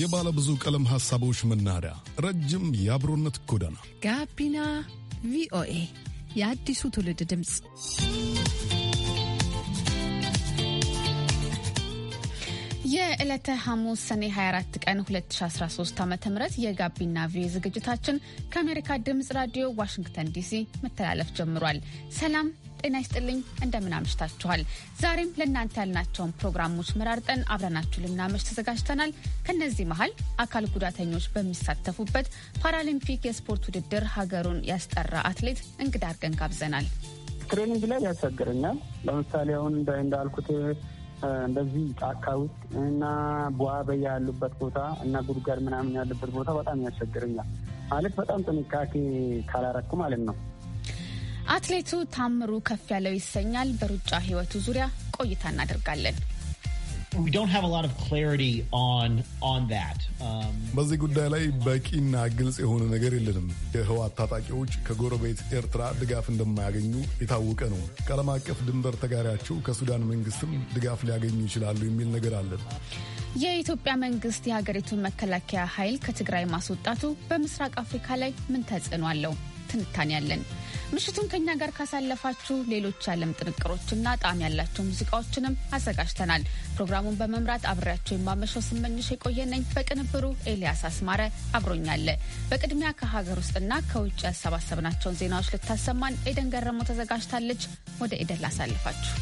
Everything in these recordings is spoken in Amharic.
የባለ ብዙ ቀለም ሐሳቦች መናኸሪያ፣ ረጅም የአብሮነት ጎዳና ጋቢና ቪኦኤ የአዲሱ ትውልድ ድምፅ። የዕለተ ሐሙስ ሰኔ 24 ቀን 2013 ዓ ም የጋቢና ቪ ዝግጅታችን ከአሜሪካ ድምፅ ራዲዮ ዋሽንግተን ዲሲ መተላለፍ ጀምሯል። ሰላም ጤና ይስጥልኝ። እንደምን አምሽታችኋል? ዛሬም ለእናንተ ያልናቸውን ፕሮግራሞች መራርጠን አብረናችሁ ልናመሽ ተዘጋጅተናል። ከነዚህ መሀል አካል ጉዳተኞች በሚሳተፉበት ፓራሊምፒክ የስፖርት ውድድር ሀገሩን ያስጠራ አትሌት እንግዳ አድርገን ጋብዘናል። ትሬኒንግ ላይ ያስቸግረኛል። ለምሳሌ አሁን እንዳልኩት እንደዚህ ጫካ ውስጥ እና ቧበያ ያሉበት ቦታ እና ጉድጓድ ምናምን ያለበት ቦታ በጣም ያስቸግረኛል። ማለት በጣም ጥንቃቄ ካላረኩ ማለት ነው አትሌቱ ታምሩ ከፍ ያለው ይሰኛል። በሩጫ ህይወቱ ዙሪያ ቆይታ እናደርጋለን። um, በዚህ ጉዳይ ላይ በቂና ግልጽ የሆነ ነገር የለንም። የህወሓት ታጣቂዎች ከጎረቤት ኤርትራ ድጋፍ እንደማያገኙ የታወቀ ነው። ከዓለም አቀፍ ድንበር ተጋሪያቸው ከሱዳን መንግስትም ድጋፍ ሊያገኙ ይችላሉ የሚል ነገር አለን። የኢትዮጵያ መንግስት የሀገሪቱን መከላከያ ኃይል ከትግራይ ማስወጣቱ በምስራቅ አፍሪካ ላይ ምን ተጽዕኖ አለው? ትንታኔ ያለን። ምሽቱን ከኛ ጋር ካሳለፋችሁ ሌሎች የዓለም ጥንቅሮችና ጣዕም ያላቸው ሙዚቃዎችንም አዘጋጅተናል። ፕሮግራሙን በመምራት አብሬያቸው የማመሸው ስመኝሽ የቆየነኝ፣ በቅንብሩ ኤልያስ አስማረ አብሮኛለ። በቅድሚያ ከሀገር ውስጥና ከውጭ ያሰባሰብናቸውን ዜናዎች ልታሰማን ኤደን ገረሞ ተዘጋጅታለች። ወደ ኤደን ላሳልፋችሁ።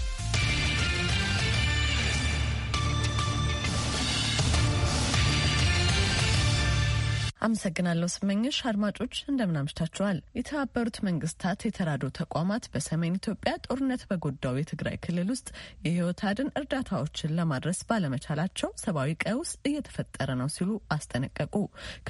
አመሰግናለሁ ስመኝሽ። አድማጮች እንደምን አምሽታችኋል። የተባበሩት መንግስታት የተራድኦ ተቋማት በሰሜን ኢትዮጵያ ጦርነት በጎዳው የትግራይ ክልል ውስጥ የህይወት አድን እርዳታዎችን ለማድረስ ባለመቻላቸው ሰብአዊ ቀውስ እየተፈጠረ ነው ሲሉ አስጠነቀቁ።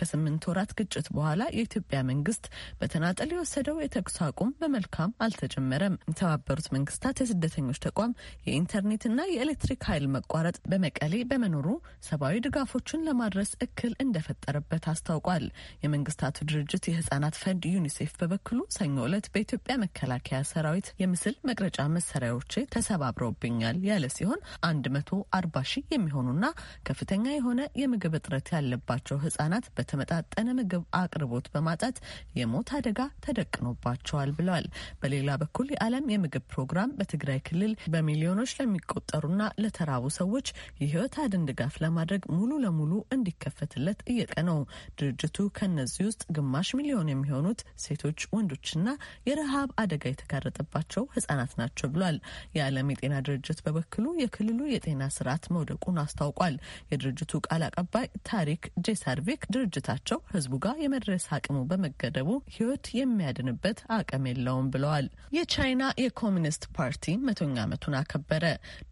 ከስምንት ወራት ግጭት በኋላ የኢትዮጵያ መንግስት በተናጠል የወሰደው የተኩስ አቁም በመልካም አልተጀመረም። የተባበሩት መንግስታት የስደተኞች ተቋም የኢንተርኔትና የኤሌክትሪክ ኃይል መቋረጥ በመቀሌ በመኖሩ ሰብአዊ ድጋፎችን ለማድረስ እክል እንደፈጠረበት አስታ አስታውቋል። የመንግስታቱ ድርጅት የህጻናት ፈንድ ዩኒሴፍ በበኩሉ ሰኞ ዕለት በኢትዮጵያ መከላከያ ሰራዊት የምስል መቅረጫ መሳሪያዎች ተሰባብረውብኛል ያለ ሲሆን አንድ መቶ አርባ ሺህ የሚሆኑና ከፍተኛ የሆነ የምግብ እጥረት ያለባቸው ህጻናት በተመጣጠነ ምግብ አቅርቦት በማጣት የሞት አደጋ ተደቅኖባቸዋል ብለዋል። በሌላ በኩል የዓለም የምግብ ፕሮግራም በትግራይ ክልል በሚሊዮኖች ለሚቆጠሩና ለተራቡ ሰዎች የህይወት አድን ድጋፍ ለማድረግ ሙሉ ለሙሉ እንዲከፈትለት እየቀ ነው ድርጅቱ ከነዚህ ውስጥ ግማሽ ሚሊዮን የሚሆኑት ሴቶች፣ ወንዶችና የረሃብ አደጋ የተጋረጠባቸው ህጻናት ናቸው ብሏል። የዓለም የጤና ድርጅት በበኩሉ የክልሉ የጤና ስርዓት መውደቁን አስታውቋል። የድርጅቱ ቃል አቀባይ ታሪክ ጄሳርቪክ ድርጅታቸው ህዝቡ ጋር የመድረስ አቅሙ በመገደቡ ህይወት የሚያድንበት አቅም የለውም ብለዋል። የቻይና የኮሚኒስት ፓርቲ መቶኛ ዓመቱን አከበረ።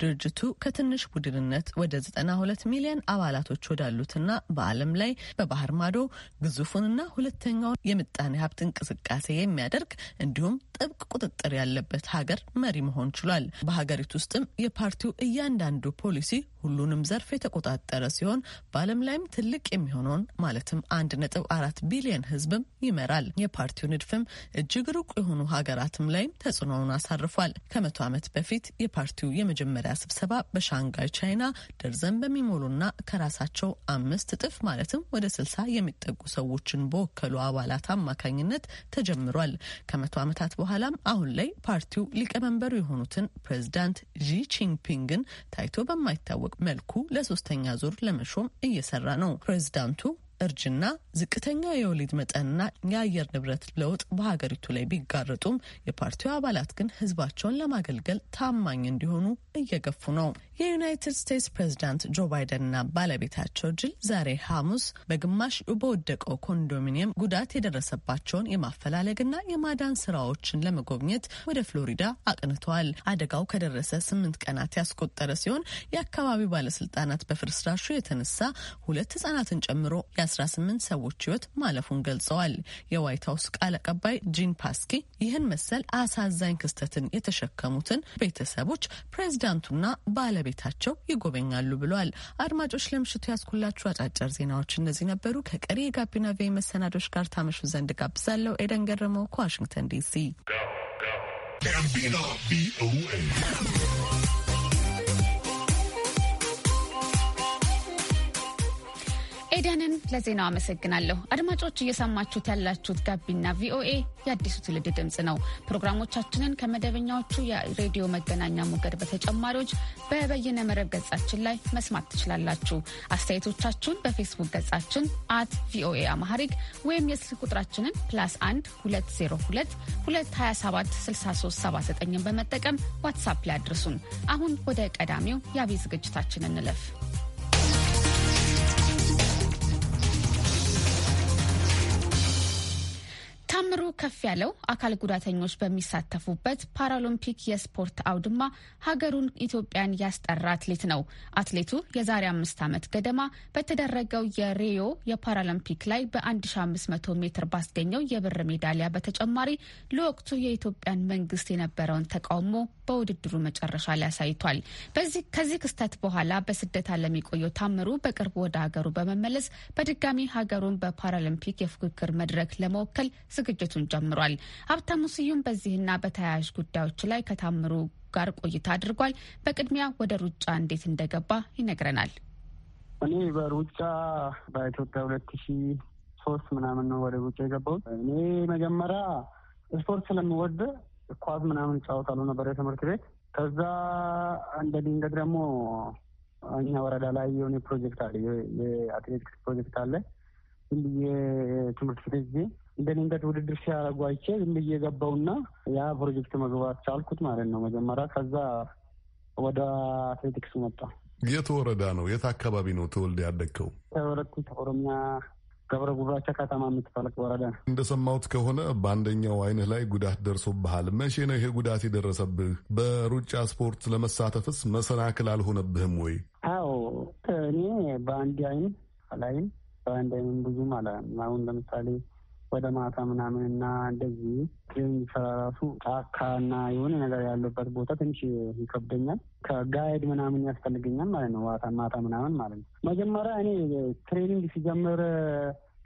ድርጅቱ ከትንሽ ቡድንነት ወደ 92 ሚሊዮን አባላቶች ወዳሉትና በዓለም ላይ በባህር ማዶ ግዙፉንና ሁለተኛውን የምጣኔ ሀብት እንቅስቃሴ የሚያደርግ እንዲሁም ጥብቅ ቁጥጥር ያለበት ሀገር መሪ መሆን ችሏል። በሀገሪቱ ውስጥም የፓርቲው እያንዳንዱ ፖሊሲ ሁሉንም ዘርፍ የተቆጣጠረ ሲሆን በዓለም ላይም ትልቅ የሚሆነውን ማለትም አንድ ነጥብ አራት ቢሊየን ህዝብም ይመራል። የፓርቲው ንድፍም እጅግ ሩቅ የሆኑ ሀገራትም ላይም ተጽዕኖውን አሳርፏል። ከመቶ ዓመት በፊት የፓርቲው የመጀመሪያ ስብሰባ በሻንጋይ ቻይና ደርዘን በሚሞሉና ከራሳቸው አምስት እጥፍ ማለትም ወደ ስልሳ የሚ የሚጠጉ ሰዎችን በወከሉ አባላት አማካኝነት ተጀምሯል። ከመቶ ዓመታት በኋላም አሁን ላይ ፓርቲው ሊቀመንበሩ የሆኑትን ፕሬዚዳንት ዢ ጂንፒንግን ታይቶ በማይታወቅ መልኩ ለሶስተኛ ዙር ለመሾም እየሰራ ነው። ፕሬዚዳንቱ እርጅና፣ ዝቅተኛ የወሊድ መጠንና የአየር ንብረት ለውጥ በሀገሪቱ ላይ ቢጋረጡም የፓርቲው አባላት ግን ህዝባቸውን ለማገልገል ታማኝ እንዲሆኑ እየገፉ ነው። የዩናይትድ ስቴትስ ፕሬዝዳንት ጆ ባይደንና ባለቤታቸው ጅል ዛሬ ሐሙስ በግማሽ በወደቀው ኮንዶሚኒየም ጉዳት የደረሰባቸውን የማፈላለግና የማዳን ስራዎችን ለመጎብኘት ወደ ፍሎሪዳ አቅንተዋል። አደጋው ከደረሰ ስምንት ቀናት ያስቆጠረ ሲሆን የአካባቢው ባለስልጣናት በፍርስራሹ የተነሳ ሁለት ህጻናትን ጨምሮ የ18 ሰዎች ህይወት ማለፉን ገልጸዋል። የዋይት ሀውስ ቃል አቀባይ ጂን ፓስኪ ይህን መሰል አሳዛኝ ክስተትን የተሸከሙትን ቤተሰቦች ፕሬዝዳንቱና ባለ ቤታቸው ይጎበኛሉ ብለዋል። አድማጮች ለምሽቱ ያስኩላችሁ አጫጭር ዜናዎች እነዚህ ነበሩ። ከቀሪ የጋቢና ቪ መሰናዶች ጋር ታመሹ ዘንድ ጋብዛለሁ። ኤደን ገረመው ከዋሽንግተን ዲሲ ለዜናው አመሰግናለሁ። አድማጮች እየሰማችሁት ያላችሁት ጋቢና ቪኦኤ የአዲሱ ትውልድ ድምፅ ነው። ፕሮግራሞቻችንን ከመደበኛዎቹ የሬዲዮ መገናኛ ሞገድ በተጨማሪዎች በበይነ መረብ ገጻችን ላይ መስማት ትችላላችሁ። አስተያየቶቻችሁን በፌስቡክ ገጻችን አት ቪኦኤ አማሐሪክ ወይም የስልክ ቁጥራችንን ፕላስ 1 202 227 6379 በመጠቀም ዋትሳፕ ላይ አድርሱን። አሁን ወደ ቀዳሚው የአብይ ዝግጅታችን እንለፍ። ቁጥሩ ከፍ ያለው አካል ጉዳተኞች በሚሳተፉበት ፓራሎምፒክ የስፖርት አውድማ ሀገሩን ኢትዮጵያን ያስጠራ አትሌት ነው። አትሌቱ የዛሬ አምስት ዓመት ገደማ በተደረገው የሪዮ የፓራሎምፒክ ላይ በ1500 ሜትር ባስገኘው የብር ሜዳሊያ በተጨማሪ ለወቅቱ የኢትዮጵያን መንግስት የነበረውን ተቃውሞ በውድድሩ መጨረሻ ላይ አሳይቷል። ከዚህ ክስተት በኋላ በስደት ዓለም የቆየው ታምሩ በቅርቡ ወደ ሀገሩ በመመለስ በድጋሚ ሀገሩን በፓራሎምፒክ የፉክክር መድረክ ለመወከል ዝግጅት ዝግጅቱን ጀምሯል። ሀብታሙ ስዩም በዚህና በተያያዥ ጉዳዮች ላይ ከታምሩ ጋር ቆይታ አድርጓል። በቅድሚያ ወደ ሩጫ እንዴት እንደገባ ይነግረናል። እኔ በሩጫ በኢትዮጵያ ሁለት ሺ ሶስት ምናምን ነው ወደ ሩጫ የገባሁት። እኔ መጀመሪያ ስፖርት ስለምወድ ኳስ ምናምን ጫወታሉ ነበር የትምህርት ቤት። ከዛ እንደ ድንገት ደግሞ እኛ ወረዳ ላይ የሆነ ፕሮጀክት አለ፣ የአትሌቲክስ ፕሮጀክት አለ። ዝም ብዬ ትምህርት ቤት ጊዜ እንደ ውድድር ሲያደርጉ አይቼ ዝም ብዬ ገባውና ያ ፕሮጀክት መግባት ቻልኩት ማለት ነው። መጀመሪያ ከዛ ወደ አትሌቲክስ መጣ። የት ወረዳ ነው? የት አካባቢ ነው ተወልደ ያደግከው? ተወለድኩት ኦሮሚያ ገብረ ጉራቻ ከተማ የምትፈለቅ ወረዳ ነው። እንደሰማሁት ከሆነ በአንደኛው ዓይንህ ላይ ጉዳት ደርሶብሃል። መቼ ነው ይሄ ጉዳት የደረሰብህ? በሩጫ ስፖርት ለመሳተፍስ መሰናክል አልሆነብህም ወይ? አዎ እኔ በአንድ አይን አላይም፣ በአንድ ዓይንም ብዙም አላይም። አሁን ለምሳሌ ወደ ማታ ምናምን እና እንደዚህ ግን ራሱ ጫካ እና የሆነ ነገር ያለበት ቦታ ትንሽ ይከብደኛል። ከጋይድ ምናምን ያስፈልገኛል ማለት ነው። ዋታ ማታ ምናምን ማለት ነው። መጀመሪያ እኔ ትሬኒንግ ሲጀምር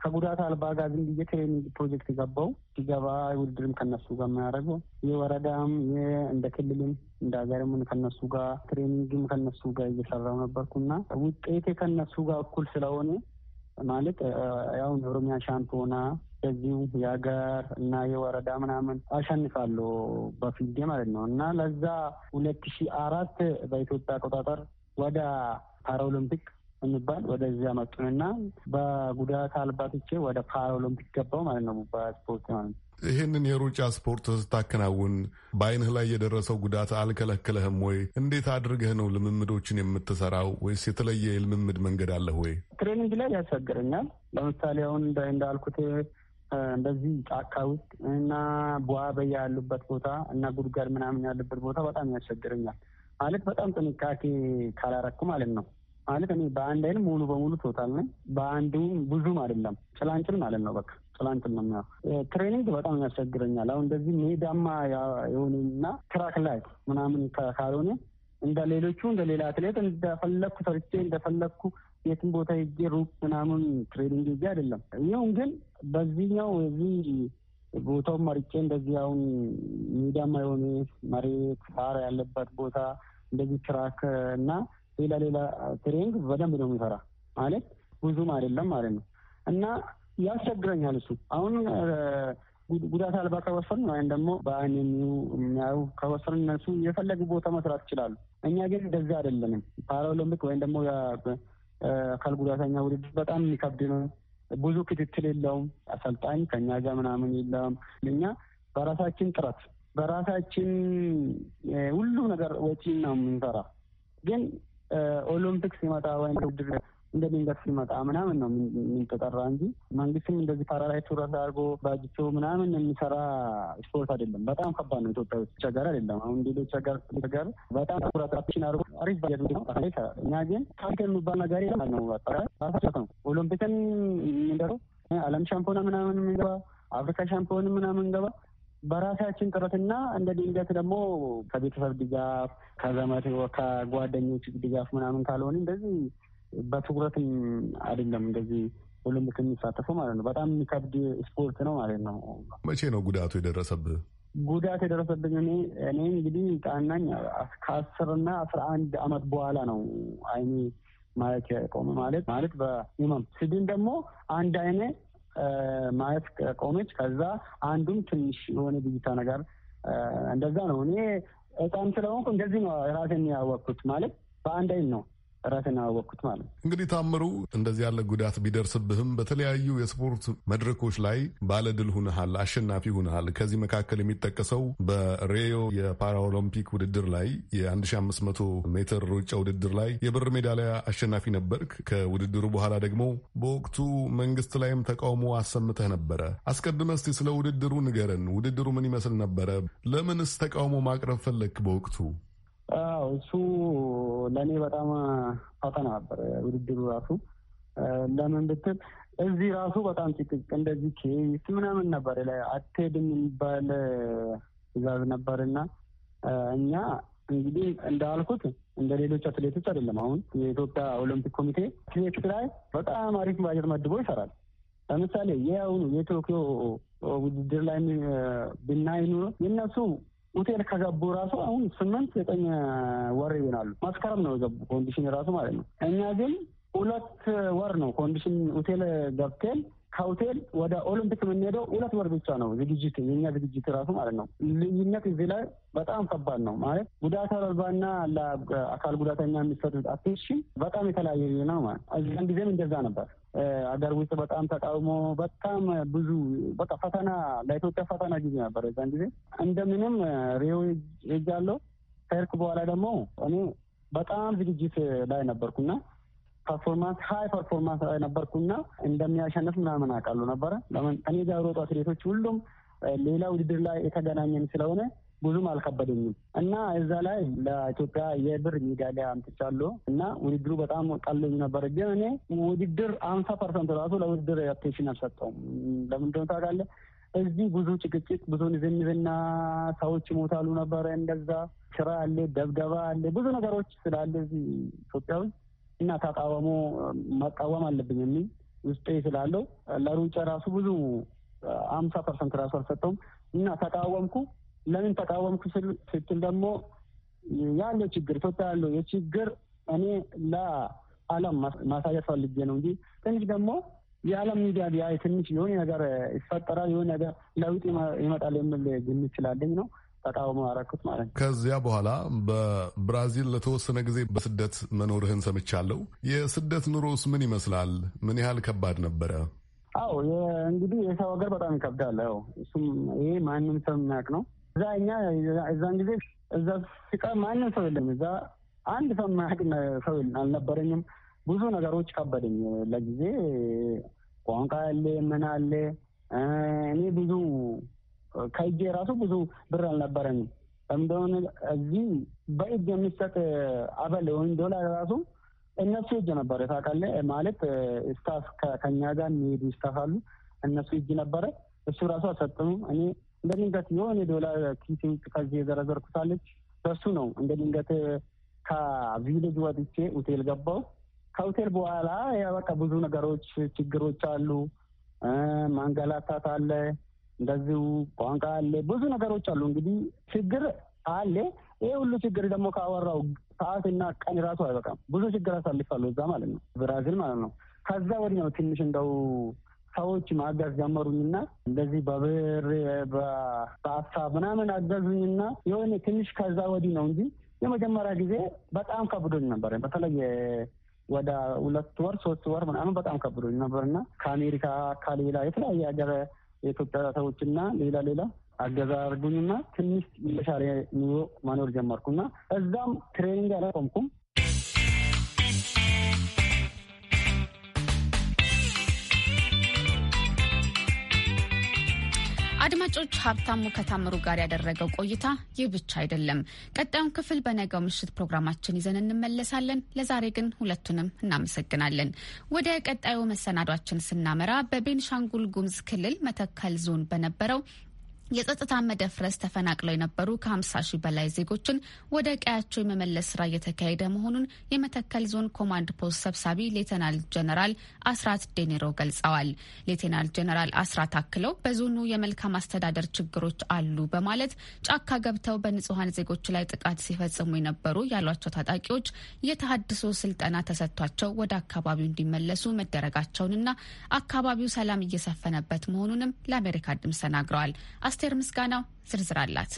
ከጉዳት አልባ ጋር ዝም ብዬ ትሬኒንግ ፕሮጀክት ገባው። ሲገባ ውድድርም ከነሱ ጋር የማያደርገው የወረዳም እንደ ክልልም እንደ ሀገርም ከነሱ ጋር ትሬኒንግም ከነሱ ጋር እየሰራው ነበርኩና ውጤቴ ከነሱ ጋር እኩል ስለሆነ ማለት ያው ኦሮሚያ ሻምፒዮና የዚሁ የሀገር እና የወረዳ ምናምን አሸንፋለሁ በፊልዴ ማለት ነው እና ለዛ ሁለት ሺ አራት በኢትዮጵያ አቆጣጠር ወደ ፓራኦሎምፒክ የሚባል ወደዚያ መጡንና በጉዳት አልባ ወደ ፓራኦሎምፒክ ገባው ማለት ነው በስፖርት ማለት ነው። ይህንን የሩጫ ስፖርት ስታከናውን በአይንህ ላይ የደረሰው ጉዳት አልከለከለህም ወይ? እንዴት አድርገህ ነው ልምምዶችን የምትሰራው? ወይስ የተለየ የልምምድ መንገድ አለህ ወይ? ትሬኒንግ ላይ ያስቸግረኛል። ለምሳሌ አሁን እንዳልኩት በዚህ ጫካ ውስጥ እና ቧበያ ያሉበት ቦታ እና ጉድጓድ ምናምን ያለበት ቦታ በጣም ያስቸግረኛል። ማለት በጣም ጥንቃቄ ካላረኩ ማለት ነው። ማለት እኔ በአንድ አይን ሙሉ በሙሉ ቶታል ነኝ፣ በአንዱም ብዙም አይደለም ጭላንጭል ማለት ነው። በቃ ጭላንጭል ነው የሚያው ትሬኒንግ በጣም ያስቸግረኛል። አሁን እንደዚህ ሜዳማ የሆነና ትራክ ላይ ምናምን ካልሆነ እንደ ሌሎቹ እንደ ሌላ አትሌት እንደፈለግኩ ሰርቼ እንደፈለግኩ የትም ቦታ ሄጄ ሩቅ ምናምን ትሬኒንግ ሄጄ አይደለም። ይሁን ግን በዚህኛው እዚህ ቦታው መርጬ እንደዚህ አሁን ሜዳማ የሆነ መሬት ሳር ያለበት ቦታ እንደዚህ ትራክ እና ሌላ ሌላ ትሬንግ በደንብ ነው የሚሰራ ማለት ብዙም አይደለም ማለት ነው እና ያስቸግረኛል። እሱ አሁን ጉዳት አልባ ከወሰኑ ወይም ደግሞ በአይን የሚያዩ ከወሰኑ እነሱ የፈለጉ ቦታ መስራት ይችላሉ። እኛ ግን እንደዚህ አይደለንም። ፓራኦሎምፒክ ወይም ደግሞ አካል ጉዳተኛ ውድድር በጣም የሚከብድ ነው። ብዙ ክትትል የለውም። አሰልጣኝ ከኛ ጋር ምናምን የለም። እኛ በራሳችን ጥረት በራሳችን ሁሉም ነገር ወጪ ነው የምንሰራ። ግን ኦሎምፒክስ ሲመጣ ወይም ውድድር እንደ ድንገት ሲመጣ ምናምን ነው የምንተጠራ እንጂ መንግስትም እንደዚህ ፓራላይ ትኩረት አድርጎ ባጅቶ ምናምን የሚሰራ ስፖርት አይደለም። በጣም ከባድ ነው። ኢትዮጵያ ውስጥ ቸገር አይደለም። አሁን ሌሎች ቸገር ቸገር በጣም ትኩረት አድርጎ አሪፍ ባጀት ነው። እኛ ግን ታሪክ የሚባል ነገር ነው ራሳቸው ነው ኦሎምፒክን የሚደሩ አለም ሻምፒዮና ምናምን የምንገባ አፍሪካ ሻምፒዮን ምናምን ገባ በራሳችን ጥረትና እንደ ድንገት ደግሞ ከቤተሰብ ድጋፍ ከዘመድ ከጓደኞች ድጋፍ ምናምን ካልሆነ እንደዚህ በትኩረትም አይደለም እንደዚህ ኦሎምፒክ የሚሳተፉ ማለት ነው። በጣም የሚከብድ ስፖርት ነው ማለት ነው። መቼ ነው ጉዳቱ የደረሰብህ? ጉዳት የደረሰብኝ እኔ እኔ እንግዲህ ጣናኝ ከአስርና አስራ አንድ አመት በኋላ ነው አይኔ ማየት ቆመ ማለት ማለት በኢማም ስድን ደግሞ አንድ አይኔ ማየት ቆመች። ከዛ አንዱም ትንሽ የሆነ ብይታ ነገር እንደዛ ነው። እኔ ህፃን ስለሆንኩ እንደዚህ ነው ራሴን ያወቅኩት ማለት በአንድ አይን ነው ራሴን አወቅኩት ማለት ነው። እንግዲህ ታምሩ፣ እንደዚህ ያለ ጉዳት ቢደርስብህም በተለያዩ የስፖርት መድረኮች ላይ ባለድል ሁንሃል፣ አሸናፊ ሁንሃል። ከዚህ መካከል የሚጠቀሰው በሬዮ የፓራኦሎምፒክ ውድድር ላይ የ1500 ሜትር ሩጫ ውድድር ላይ የብር ሜዳሊያ አሸናፊ ነበርክ። ከውድድሩ በኋላ ደግሞ በወቅቱ መንግስት ላይም ተቃውሞ አሰምተህ ነበረ። አስቀድመ እስቲ ስለ ውድድሩ ንገረን። ውድድሩ ምን ይመስል ነበረ? ለምንስ ተቃውሞ ማቅረብ ፈለግክ በወቅቱ? እሱ ለእኔ በጣም ፈተና ነበር ውድድሩ ራሱ። ለምን ብትል እዚህ ራሱ በጣም ጭቅጭቅ እንደዚህ ኬስ ምናምን ነበር፣ አትሄድም የሚባል ትእዛዝ ነበርና እኛ እንግዲህ እንዳልኩት እንደ ሌሎች አትሌቶች አይደለም። አሁን የኢትዮጵያ ኦሎምፒክ ኮሚቴ ትሌት ላይ በጣም አሪፍ ባጀት መድቦ ይሰራል። ለምሳሌ የአሁኑ የቶኪዮ ውድድር ላይ ብናይ ኑሮ የእነሱ ሆቴል ከገቡ ራሱ አሁን ስምንት ዘጠኝ ወር ይሆናሉ። መስከረም ነው የገቡ ኮንዲሽን ራሱ ማለት ነው። እኛ ግን ሁለት ወር ነው ኮንዲሽን ሆቴል ገብቴል ከሆቴል ወደ ኦሎምፒክ የምንሄደው ሁለት ወር ብቻ ነው ዝግጅት የኛ ዝግጅት ራሱ ማለት ነው። ልዩነት እዚህ ላይ በጣም ከባድ ነው ማለት ጉዳት አልባና ለአካል ጉዳተኛ የሚሰጡት አቴንሽን በጣም የተለያየ ነው ማለት እዚያን ጊዜም እንደዛ ነበር። አገር ውስጥ በጣም ተቃውሞ በጣም ብዙ በቃ ፈተና ለኢትዮጵያ ፈተና ጊዜ ነበር። የዛን ጊዜ እንደምንም ሪዮ ሄጃለሁ። ከሄድኩ በኋላ ደግሞ እኔ በጣም ዝግጅት ላይ ነበርኩና ፐርፎርማንስ ሀይ ፐርፎርማንስ ላይ ነበርኩና እንደሚያሸንፍ ምናምን አውቃለሁ ነበረ። ለምን እኔ ጋር ሮጡ አትሌቶች ሁሉም ሌላ ውድድር ላይ የተገናኘን ስለሆነ ብዙም አልከበደኝም እና እዛ ላይ ለኢትዮጵያ የብር ሜዳሊያ አምጥቻለሁ እና ውድድሩ በጣም ቀሎኝ ነበር። ግን እኔ ውድድር አምሳ ፐርሰንት ራሱ ለውድድር አቴንሽን አልሰጠውም። ለምን እንደሆነ ታውቃለህ? እዚህ ብዙ ጭቅጭቅ፣ ብዙ ንዝንዝና፣ ሰዎች ይሞታሉ ነበረ። እንደዛ ስራ አለ፣ ደብደባ አለ፣ ብዙ ነገሮች ስላለ እዚህ ኢትዮጵያ ውስጥ እና ተቃወሞ መቃወም አለብኝ የሚል ውስጤ ስላለው ለሩጫ ራሱ ብዙ አምሳ ፐርሰንት ራሱ አልሰጠውም እና ተቃወምኩ። ለምን ተቃወምኩ ስትል ደግሞ ያለው ችግር ኢትዮጵያ ያለው የችግር እኔ ለዓለም ማሳየት ፈልጌ ነው እንጂ ትንሽ ደግሞ የዓለም ሚዲያ ቢያይ ትንሽ የሆነ ነገር ይፈጠራል፣ የሆነ ነገር ለውጥ ይመጣል የሚል ግምት ስላለኝ ነው ተቃውሞ አደረኩት ማለት ነው። ከዚያ በኋላ በብራዚል ለተወሰነ ጊዜ በስደት መኖርህን ሰምቻለሁ። የስደት ኑሮስ ምን ይመስላል? ምን ያህል ከባድ ነበረ? አዎ እንግዲህ የሰው ሀገር በጣም ይከብዳል። ይሄ ማንም ሰው የሚያውቅ ነው። እዛ እኛ እዛን ጊዜ እዛ ሲቀር ማንም ሰው የለም። እዛ አንድ ሰው የማያውቅ ሰው አልነበረኝም። ብዙ ነገሮች ከበደኝ። ለጊዜ ቋንቋ ያለ ምን አለ እኔ ብዙ ከእጄ ራሱ ብዙ ብር አልነበረኝም። እንደሆነ እዚህ በእጅ የሚሰጥ አበል ወይም ዶላር ራሱ እነሱ እጅ ነበረ። ታውቃለህ ማለት ስታፍ ከኛ ጋር የሚሄዱ ስታፍ አሉ። እነሱ እጅ ነበረ። እሱ ራሱ አልሰጥኑም እኔ እንደ ድንገት የሆነ የዶላር ኪሴ ውጭ ከዚህ የዘረዘርኩታለች በሱ ነው። እንደ ድንገት ከቪሌጅ ወጥቼ ሆቴል ገባው። ከሆቴል በኋላ በቃ ብዙ ነገሮች ችግሮች አሉ። ማንገላታት አለ፣ እንደዚሁ ቋንቋ አለ፣ ብዙ ነገሮች አሉ። እንግዲህ ችግር አለ። ይህ ሁሉ ችግር ደግሞ ካወራው ሰዓትና ቀን ራሱ አይበቃም። ብዙ ችግር አሳልፋለሁ እዛ ማለት ነው፣ ብራዚል ማለት ነው። ከዛ ወዲህ ነው ትንሽ እንደው ሰዎች ማገዝ ጀመሩኝና እንደዚህ በብር በአሳ ምናምን አገዙኝና የሆነ ትንሽ ከዛ ወዲህ ነው እንጂ የመጀመሪያ ጊዜ በጣም ከብዶኝ ነበር። በተለይ ወደ ሁለት ወር ሶስት ወር ምናምን በጣም ከብዶኝ ነበርና ከአሜሪካ ከሌላ የተለያየ ሀገር የኢትዮጵያ ሰዎችና ሌላ ሌላ አገዛ አድርጉኝና ትንሽ የተሻለ ኑሮ መኖር ጀመርኩና እዛም ትሬኒንግ አላቆምኩም። አድማጮች ሀብታሙ ከታምሩ ጋር ያደረገው ቆይታ ይህ ብቻ አይደለም። ቀጣዩን ክፍል በነገው ምሽት ፕሮግራማችን ይዘን እንመለሳለን። ለዛሬ ግን ሁለቱንም እናመሰግናለን። ወደ ቀጣዩ መሰናዷችን ስናመራ በቤንሻንጉል ጉሙዝ ክልል መተከል ዞን በነበረው የጸጥታ መደፍረስ ተፈናቅለው የነበሩ ከ50 ሺህ በላይ ዜጎችን ወደ ቀያቸው የመመለስ ስራ እየተካሄደ መሆኑን የመተከል ዞን ኮማንድ ፖስት ሰብሳቢ ሌተናል ጀነራል አስራት ዴኔሮ ገልጸዋል። ሌተናል ጀነራል አስራት አክለው በዞኑ የመልካም አስተዳደር ችግሮች አሉ በማለት ጫካ ገብተው በንጹሐን ዜጎች ላይ ጥቃት ሲፈጽሙ የነበሩ ያሏቸው ታጣቂዎች የተሃድሶ ስልጠና ተሰጥቷቸው ወደ አካባቢው እንዲመለሱ መደረጋቸውንና አካባቢው ሰላም እየሰፈነበት መሆኑንም ለአሜሪካ ድምጽ ተናግረዋል። አስቴር ምስጋናው ዝርዝር አላት።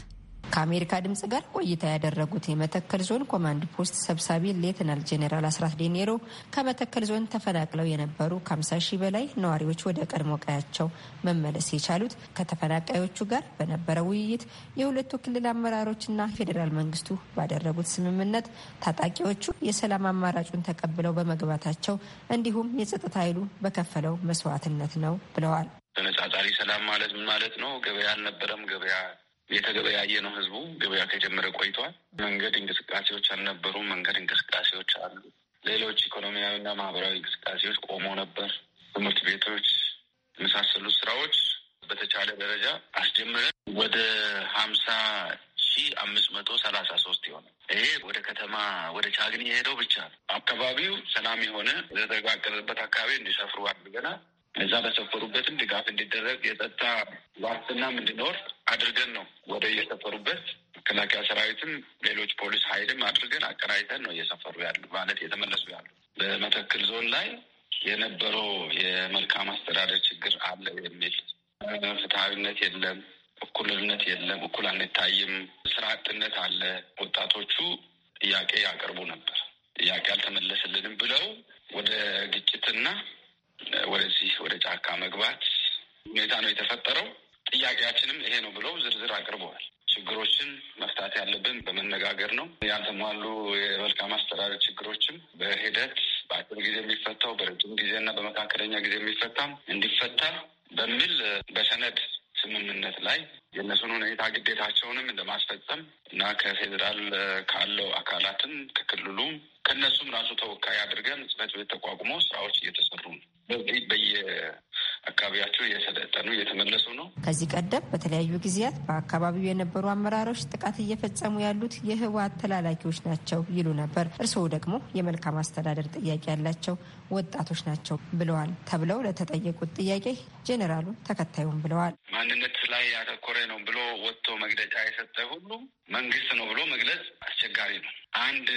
ከአሜሪካ ድምጽ ጋር ቆይታ ያደረጉት የመተከል ዞን ኮማንድ ፖስት ሰብሳቢ ሌትናል ጄኔራል አስራት ዴኔሮ ከመተከል ዞን ተፈናቅለው የነበሩ ከ50 ሺህ በላይ ነዋሪዎች ወደ ቀድሞ ቀያቸው መመለስ የቻሉት ከተፈናቃዮቹ ጋር በነበረው ውይይት የሁለቱ ክልል አመራሮችና ፌዴራል መንግስቱ ባደረጉት ስምምነት ታጣቂዎቹ የሰላም አማራጩን ተቀብለው በመግባታቸው እንዲሁም የጸጥታ ኃይሉ በከፈለው መስዋዕትነት ነው ብለዋል። ተነጻጻሪ ሰላም ማለት ምን ማለት ነው? ገበያ አልነበረም። ገበያ የተገበያየ ነው ህዝቡ። ገበያ ከጀመረ ቆይቷል። መንገድ እንቅስቃሴዎች አልነበሩም። መንገድ እንቅስቃሴዎች አሉ። ሌሎች ኢኮኖሚያዊና ማህበራዊ እንቅስቃሴዎች ቆሞ ነበር። ትምህርት ቤቶች የመሳሰሉት ስራዎች በተቻለ ደረጃ አስጀምረን ወደ ሀምሳ ሺህ አምስት መቶ ሰላሳ ሶስት የሆነ ይሄ ወደ ከተማ ወደ ቻግኒ የሄደው ብቻ ነው። አካባቢው ሰላም የሆነ የተጋቀረበት አካባቢ እንዲሰፍሩ አድርገናል። እዛ በሰፈሩበትም ድጋፍ እንዲደረግ የጸጥታ ዋስትናም እንዲኖር አድርገን ነው ወደ እየሰፈሩበት መከላከያ ሰራዊትም ሌሎች ፖሊስ ኃይልም አድርገን አቀራይተን ነው እየሰፈሩ ያሉ ማለት የተመለሱ ያሉ። በመተክል ዞን ላይ የነበረው የመልካም አስተዳደር ችግር አለ የሚል ፍትሐዊነት የለም፣ እኩልነት የለም፣ እኩል አንታይም፣ ስራ አጥነት አለ። ወጣቶቹ ጥያቄ ያቀርቡ ነበር። ጥያቄ አልተመለስልንም ብለው ወደ ግጭትና ወደዚህ ወደ ጫካ መግባት ሁኔታ ነው የተፈጠረው። ጥያቄያችንም ይሄ ነው ብለው ዝርዝር አቅርበዋል። ችግሮችን መፍታት ያለብን በመነጋገር ነው። ያልተሟሉ የመልካም አስተዳደር ችግሮችም በሂደት በአጭር ጊዜ የሚፈታው በረጅም ጊዜ እና በመካከለኛ ጊዜ የሚፈታም እንዲፈታ በሚል በሰነድ ስምምነት ላይ የእነሱን ሁኔታ ግዴታቸውንም እንደማስፈጸም እና ከፌዴራል ካለው አካላትም ከክልሉም ከእነሱም ራሱ ተወካይ አድርገን ጽፈት ቤት ተቋቁሞ ስራዎች እየተሰሩ ነው። በዚህ በየአካባቢያቸው እየሰለጠኑ እየተመለሱ ነው። ከዚህ ቀደም በተለያዩ ጊዜያት በአካባቢው የነበሩ አመራሮች ጥቃት እየፈጸሙ ያሉት የህወሓት ተላላኪዎች ናቸው ይሉ ነበር። እርስዎ ደግሞ የመልካም አስተዳደር ጥያቄ ያላቸው ወጣቶች ናቸው ብለዋል ተብለው ለተጠየቁት ጥያቄ ጄኔራሉ ተከታዩም ብለዋል። ማንነት ላይ ያተኮረ ነው ብሎ ወጥቶ መግለጫ የሰጠ ሁሉ መንግስት ነው ብሎ መግለጽ አስቸጋሪ ነው። አንድ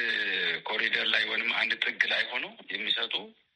ኮሪደር ላይ ወይም አንድ ጥግ ላይ ሆኖ የሚሰጡ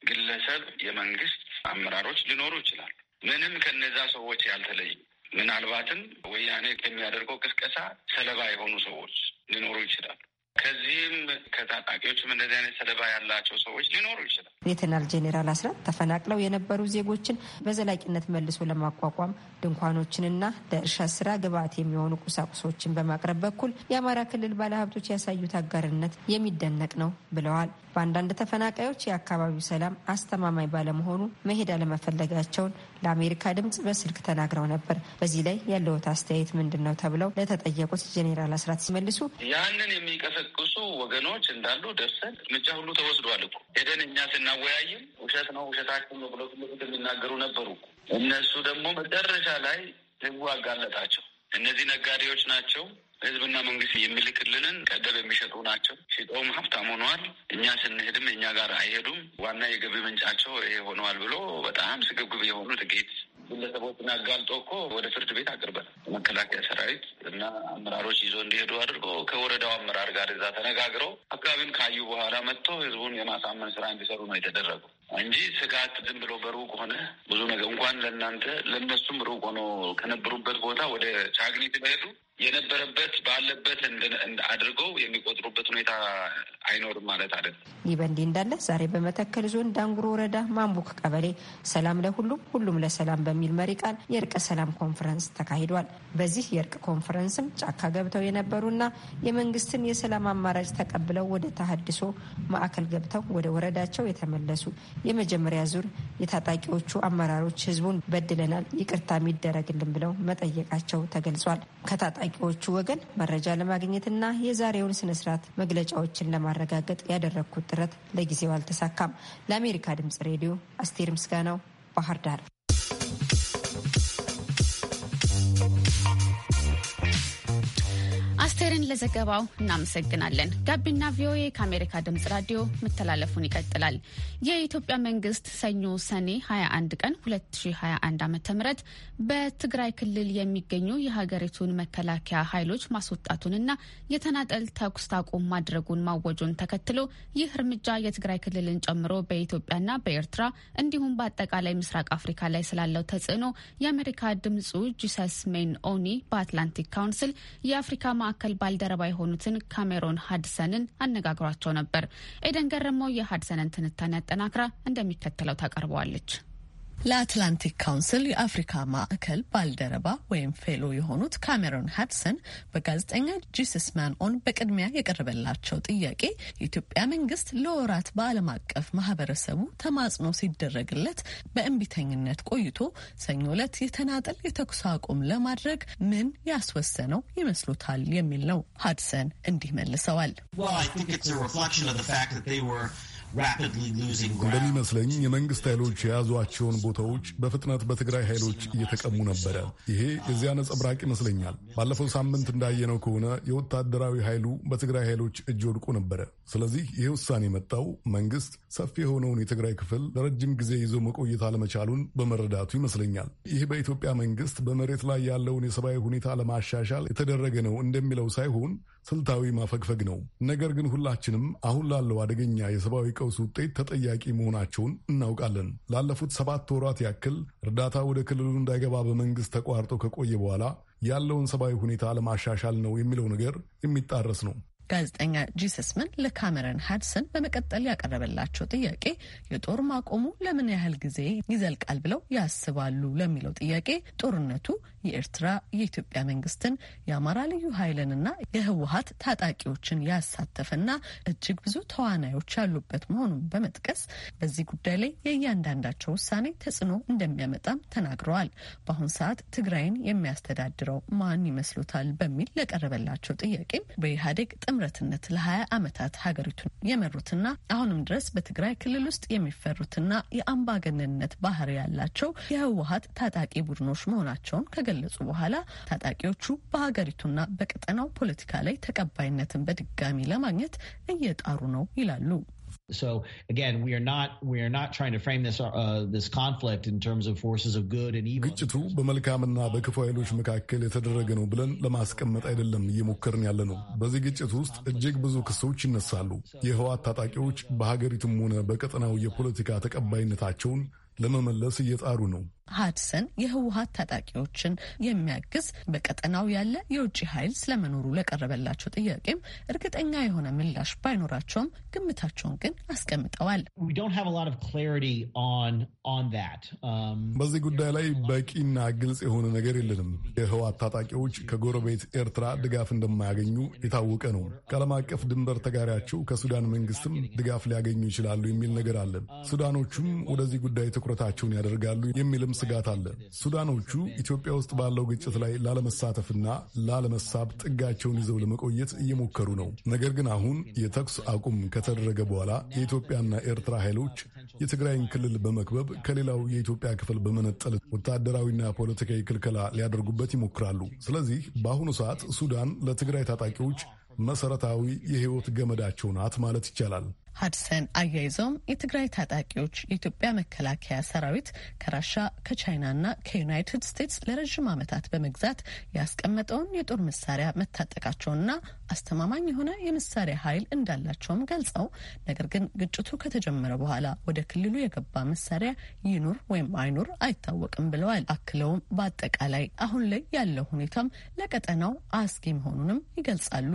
ግለሰብ፣ የመንግስት አመራሮች ሊኖሩ ይችላል። ምንም ከነዛ ሰዎች ያልተለዩ ምናልባትም ወያኔ የሚያደርገው ቅስቀሳ ሰለባ የሆኑ ሰዎች ሊኖሩ ይችላል። ከዚህም ከታጣቂዎችም እንደዚህ አይነት ሰለባ ያላቸው ሰዎች ሊኖሩ ይችላል። ሌተናል ጄኔራል አስራት ተፈናቅለው የነበሩ ዜጎችን በዘላቂነት መልሶ ለማቋቋም ድንኳኖችንና ለእርሻ ስራ ግብዓት የሚሆኑ ቁሳቁሶችን በማቅረብ በኩል የአማራ ክልል ባለሀብቶች ያሳዩት አጋርነት የሚደነቅ ነው ብለዋል። በአንዳንድ ተፈናቃዮች የአካባቢው ሰላም አስተማማኝ ባለመሆኑ መሄድ አለመፈለጋቸውን ለአሜሪካ ድምጽ በስልክ ተናግረው ነበር። በዚህ ላይ ያለውት አስተያየት ምንድን ነው ተብለው ለተጠየቁት ጄኔራል አስራት ሲመልሱ ያንን የሚቀሰቅሱ ወገኖች እንዳሉ ደርሰን እርምጃ ሁሉ ተወስዷል እኮ ሄደን እኛ ስና አናወያይም፣ ውሸት ነው፣ ውሸታቸው ነው ብለው ፊት ለፊት የሚናገሩ ነበሩ። እነሱ ደግሞ መጨረሻ ላይ ህዝቡ አጋለጣቸው። እነዚህ ነጋዴዎች ናቸው ህዝብና መንግስት የሚልክልንን ቀደብ የሚሸጡ ናቸው። ሽጠውም ሀብታም ሆነዋል። እኛ ስንሄድም እኛ ጋር አይሄዱም። ዋና የገቢ ምንጫቸው ይሄ ሆነዋል ብሎ በጣም ስግብግብ የሆኑ ጥቂት ግለሰቦችን አጋልጦ እኮ ወደ ፍርድ ቤት አቅርበን መከላከያ ሰራዊት እና አመራሮች ይዞ እንዲሄዱ አድርጎ ከወረዳው አመራር ጋር እዛ ተነጋግረው አካባቢን ካዩ በኋላ መጥቶ ህዝቡን የማሳመን ስራ እንዲሰሩ ነው የተደረጉ እንጂ ስጋት ዝም ብሎ በሩቅ ሆነ ብዙ ነገር እንኳን ለእናንተ ለእነሱም ሩቅ ሆኖ ከነበሩበት ቦታ ወደ ቻግኒት ሲሄዱ የነበረበት ባለበት አድርገው የሚቆጥሩበት ሁኔታ አይኖርም ማለት አይደለም። ይህ በእንዲህ እንዳለ ዛሬ በመተከል ዞን ዳንጉሮ ወረዳ ማንቡክ ቀበሌ ሰላም ለሁሉም ሁሉም ለሰላም በሚል መሪ ቃል የእርቀ ሰላም ኮንፈረንስ ተካሂዷል። በዚህ የእርቅ ኮንፈረንስም ጫካ ገብተው የነበሩና የመንግስትን የሰላም አማራጭ ተቀብለው ወደ ተሀድሶ ማዕከል ገብተው ወደ ወረዳቸው የተመለሱ የመጀመሪያ ዙር የታጣቂዎቹ አመራሮች ህዝቡን በድለናል፣ ይቅርታ የሚደረግልን ብለው መጠየቃቸው ተገልጿል። ከታጣቂ ከአጥያቂዎቹ ወገን መረጃ ለማግኘትና የዛሬውን ስነስርዓት መግለጫዎችን ለማረጋገጥ ያደረግኩት ጥረት ለጊዜው አልተሳካም። ለአሜሪካ ድምጽ ሬዲዮ አስቴር ምስጋናው ባህር ዳር ሴርን ለዘገባው እናመሰግናለን። ጋቢና ቪኦኤ ከአሜሪካ ድምጽ ራዲዮ መተላለፉን ይቀጥላል። የኢትዮጵያ መንግስት ሰኞ ሰኔ 21 ቀን 2021 ዓ ም በትግራይ ክልል የሚገኙ የሀገሪቱን መከላከያ ኃይሎች ማስወጣቱንና የተናጠል ተኩስ አቁም ማድረጉን ማወጁን ተከትሎ ይህ እርምጃ የትግራይ ክልልን ጨምሮ በኢትዮጵያና በኤርትራ እንዲሁም በአጠቃላይ ምስራቅ አፍሪካ ላይ ስላለው ተጽዕኖ የአሜሪካ ድምጹ ጂሰስ ሜን ኦኒ በአትላንቲክ ካውንስል የአፍሪካ ማዕከል ማዕከል ባልደረባ የሆኑትን ካሜሮን ሀድሰንን አነጋግሯቸው ነበር። ኤደን ገረመው የሀድሰንን ትንታኔ አጠናክራ እንደሚከተለው ታቀርበዋለች። ለአትላንቲክ ካውንስል የአፍሪካ ማዕከል ባልደረባ ወይም ፌሎ የሆኑት ካሜሮን ሃድሰን በጋዜጠኛ ጂስስ ማን ኦን በቅድሚያ የቀረበላቸው ጥያቄ የኢትዮጵያ መንግስት ለወራት በዓለም አቀፍ ማህበረሰቡ ተማጽኖ ሲደረግለት በእንቢተኝነት ቆይቶ ሰኞ ዕለት የተናጠል የተኩስ አቁም ለማድረግ ምን ያስወሰነው ይመስሉታል የሚል ነው። ሃድሰን እንዲህ መልሰዋል። እንደሚመስለኝ የመንግስት ኃይሎች የያዟቸውን ቦታዎች በፍጥነት በትግራይ ኃይሎች እየተቀሙ ነበረ። ይሄ የዚያ ነጸብራቅ ይመስለኛል። ባለፈው ሳምንት እንዳየነው ከሆነ የወታደራዊ ኃይሉ በትግራይ ኃይሎች እጅ ወድቆ ነበረ። ስለዚህ ይሄ ውሳኔ የመጣው መንግስት ሰፊ የሆነውን የትግራይ ክፍል ለረጅም ጊዜ ይዞ መቆየት አለመቻሉን በመረዳቱ ይመስለኛል። ይህ በኢትዮጵያ መንግስት በመሬት ላይ ያለውን የሰብአዊ ሁኔታ ለማሻሻል የተደረገ ነው እንደሚለው ሳይሆን ስልታዊ ማፈግፈግ ነው። ነገር ግን ሁላችንም አሁን ላለው አደገኛ የሰብአዊ ቀውስ ውጤት ተጠያቂ መሆናቸውን እናውቃለን። ላለፉት ሰባት ወራት ያክል እርዳታ ወደ ክልሉ እንዳይገባ በመንግስት ተቋርጦ ከቆየ በኋላ ያለውን ሰብአዊ ሁኔታ ለማሻሻል ነው የሚለው ነገር የሚጣረስ ነው። ጋዜጠኛ ጂሰስመን ለካሜረን ሃድሰን በመቀጠል ያቀረበላቸው ጥያቄ የጦር ማቆሙ ለምን ያህል ጊዜ ይዘልቃል ብለው ያስባሉ ለሚለው ጥያቄ ጦርነቱ የኤርትራ የኢትዮጵያ መንግስትን የአማራ ልዩ ኃይልንና የህወሀት ታጣቂዎችን ያሳተፈና እጅግ ብዙ ተዋናዮች ያሉበት መሆኑን በመጥቀስ በዚህ ጉዳይ ላይ የእያንዳንዳቸው ውሳኔ ተጽዕኖ እንደሚያመጣም ተናግረዋል። በአሁን ሰዓት ትግራይን የሚያስተዳድረው ማን ይመስሉታል በሚል ለቀረበላቸው ጥያቄም በኢህአዴግ ጥም በምረትነት ለሀያ ዓመታት ሀገሪቱን የመሩትና አሁንም ድረስ በትግራይ ክልል ውስጥ የሚፈሩትና የአምባገነንነት ባህሪ ያላቸው የህወሀት ታጣቂ ቡድኖች መሆናቸውን ከገለጹ በኋላ ታጣቂዎቹ በሀገሪቱና በቀጠናው ፖለቲካ ላይ ተቀባይነትን በድጋሚ ለማግኘት እየጣሩ ነው ይላሉ። So again, we are not we are not trying to frame this uh, this conflict in terms of forces of good and evil. ግጭቱ በመልካምና በክፉ ኃይሎች መካከል የተደረገ ነው ብለን ለማስቀመጥ አይደለም እየሞከርን ያለ ነው። በዚህ ግጭት ውስጥ እጅግ ብዙ ክሶች ይነሳሉ። የህዋት ታጣቂዎች በሀገሪቱም ሆነ በቀጠናው የፖለቲካ ተቀባይነታቸውን ለመመለስ እየጣሩ ነው። ሀድሰን የህወሀት ታጣቂዎችን የሚያግዝ በቀጠናው ያለ የውጭ ኃይል ስለመኖሩ ለቀረበላቸው ጥያቄም እርግጠኛ የሆነ ምላሽ ባይኖራቸውም ግምታቸውን ግን አስቀምጠዋል። um, በዚህ ጉዳይ ላይ በቂና ግልጽ የሆነ ነገር የለንም። የህወሀት ታጣቂዎች ከጎረቤት ኤርትራ ድጋፍ እንደማያገኙ የታወቀ ነው። ከዓለም አቀፍ ድንበር ተጋሪያቸው ከሱዳን መንግስትም ድጋፍ ሊያገኙ ይችላሉ የሚል ነገር አለን። ሱዳኖቹም ወደዚህ ጉዳይ ትኩረታቸውን ያደርጋሉ የሚልም ስጋት አለ። ሱዳኖቹ ኢትዮጵያ ውስጥ ባለው ግጭት ላይ ላለመሳተፍና ላለመሳብ ጥጋቸውን ይዘው ለመቆየት እየሞከሩ ነው። ነገር ግን አሁን የተኩስ አቁም ከተደረገ በኋላ የኢትዮጵያና ኤርትራ ኃይሎች የትግራይን ክልል በመክበብ ከሌላው የኢትዮጵያ ክፍል በመነጠል ወታደራዊና ፖለቲካዊ ክልከላ ሊያደርጉበት ይሞክራሉ። ስለዚህ በአሁኑ ሰዓት ሱዳን ለትግራይ ታጣቂዎች መሰረታዊ የሕይወት ገመዳቸው ናት ማለት ይቻላል። ሀድሰን አያይዘውም የትግራይ ታጣቂዎች የኢትዮጵያ መከላከያ ሰራዊት ከራሻ ከቻይናና ከዩናይትድ ስቴትስ ለረዥም ዓመታት በመግዛት ያስቀመጠውን የጦር መሳሪያ መታጠቃቸውንና አስተማማኝ የሆነ የመሳሪያ ኃይል እንዳላቸውም ገልጸው ነገር ግን ግጭቱ ከተጀመረ በኋላ ወደ ክልሉ የገባ መሳሪያ ይኑር ወይም አይኑር አይታወቅም ብለዋል። አክለውም በአጠቃላይ አሁን ላይ ያለው ሁኔታም ለቀጠናው አስጊ መሆኑንም ይገልጻሉ።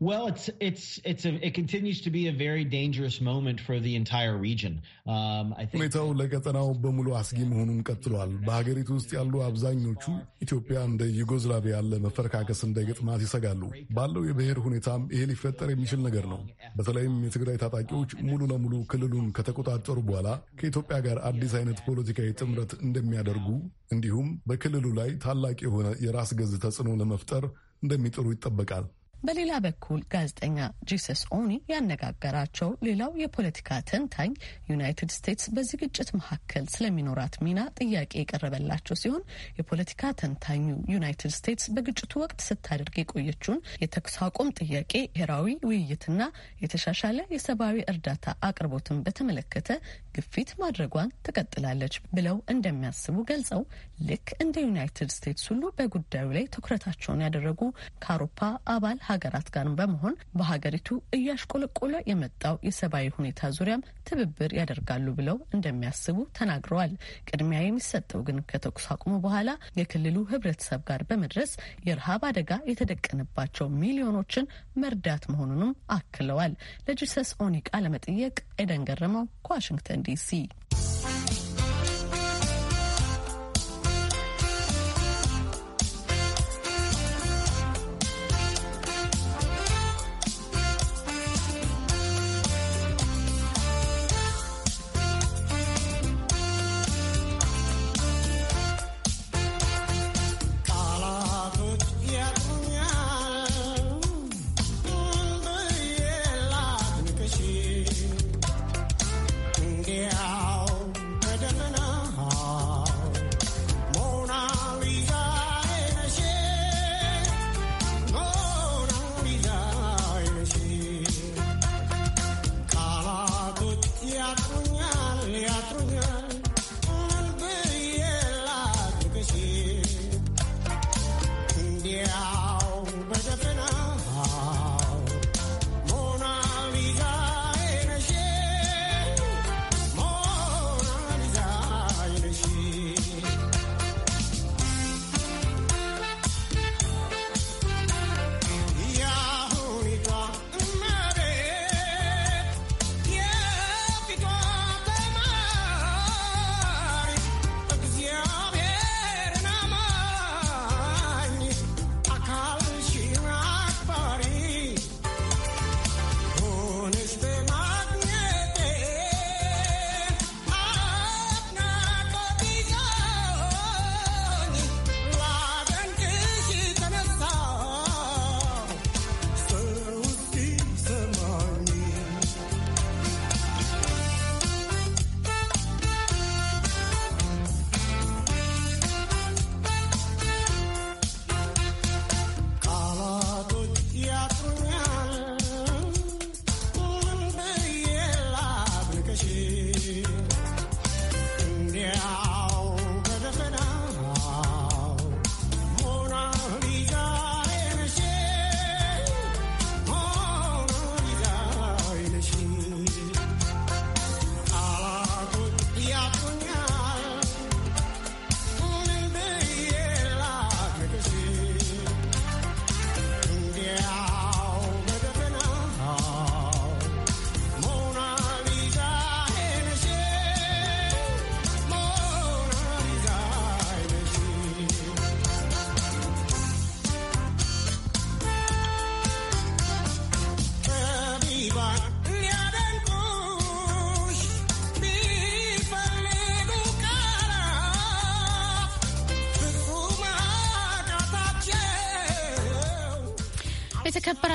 Well, it's it's it's a it continues to be a very dangerous moment for the entire region. Um, I think ሁኔታው ለቀጠናው በሙሉ አስጊ መሆኑን ቀጥሏል። በሀገሪቱ ውስጥ ያሉ አብዛኞቹ ኢትዮጵያ እንደ ዩጎዝላቪያ ያለ መፈረካከስ እንዳይገጥማት ይሰጋሉ። ባለው የብሔር ሁኔታም ይሄ ሊፈጠር የሚችል ነገር ነው። በተለይም የትግራይ ታጣቂዎች ሙሉ ለሙሉ ክልሉን ከተቆጣጠሩ በኋላ ከኢትዮጵያ ጋር አዲስ አይነት ፖለቲካዊ ጥምረት እንደሚያደርጉ እንዲሁም በክልሉ ላይ ታላቅ የሆነ የራስ ገዝ ተጽዕኖ ለመፍጠር እንደሚጥሩ ይጠበቃል። በሌላ በኩል ጋዜጠኛ ጂሰስ ኦኒ ያነጋገራቸው ሌላው የፖለቲካ ተንታኝ ዩናይትድ ስቴትስ በዚህ ግጭት መካከል ስለሚኖራት ሚና ጥያቄ የቀረበላቸው ሲሆን የፖለቲካ ተንታኙ ዩናይትድ ስቴትስ በግጭቱ ወቅት ስታደርግ የቆየችውን የተኩስ አቁም ጥያቄ፣ ብሔራዊ ውይይትና የተሻሻለ የሰብአዊ እርዳታ አቅርቦትን በተመለከተ ግፊት ማድረጓን ትቀጥላለች ብለው እንደሚያስቡ ገልጸው ልክ እንደ ዩናይትድ ስቴትስ ሁሉ በጉዳዩ ላይ ትኩረታቸውን ያደረጉ ከአውሮፓ አባል ሀገራት ጋር በመሆን በሀገሪቱ እያሽቆለቆለ የመጣው የሰብአዊ ሁኔታ ዙሪያም ትብብር ያደርጋሉ ብለው እንደሚያስቡ ተናግረዋል። ቅድሚያ የሚሰጠው ግን ከተኩስ አቁሙ በኋላ የክልሉ ህብረተሰብ ጋር በመድረስ የረሃብ አደጋ የተደቀነባቸው ሚሊዮኖችን መርዳት መሆኑንም አክለዋል። ለጂሰስ ኦኒ ቃለመጠየቅ ኤደን ገረመው ከዋሽንግተን ዲሲ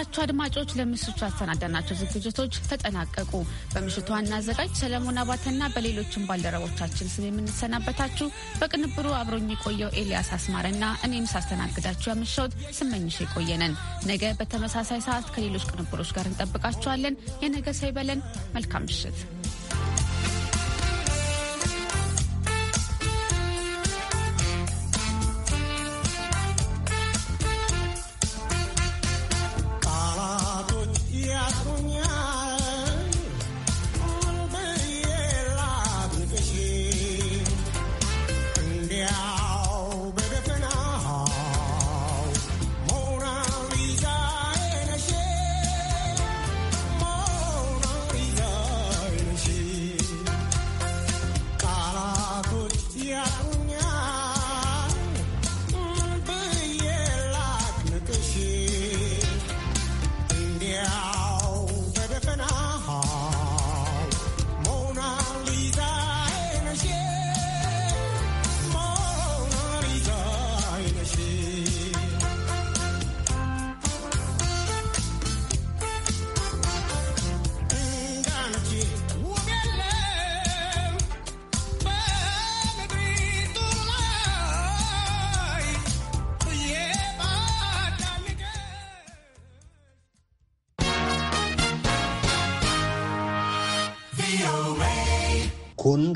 የተከበራችሁ አድማጮች ለምሽቱ ያሰናዳናቸው ዝግጅቶች ተጠናቀቁ። በምሽቱ ዋና አዘጋጅ ሰለሞን አባተና በሌሎችም ባልደረቦቻችን ስም የምንሰናበታችሁ በቅንብሩ አብሮኝ የቆየው ኤልያስ አስማረና እኔም ሳስተናግዳችሁ ያምሸውት ስመኝሽ የቆየነን። ነገ በተመሳሳይ ሰዓት ከሌሎች ቅንብሮች ጋር እንጠብቃችኋለን። የነገ ሳይበለን መልካም ምሽት።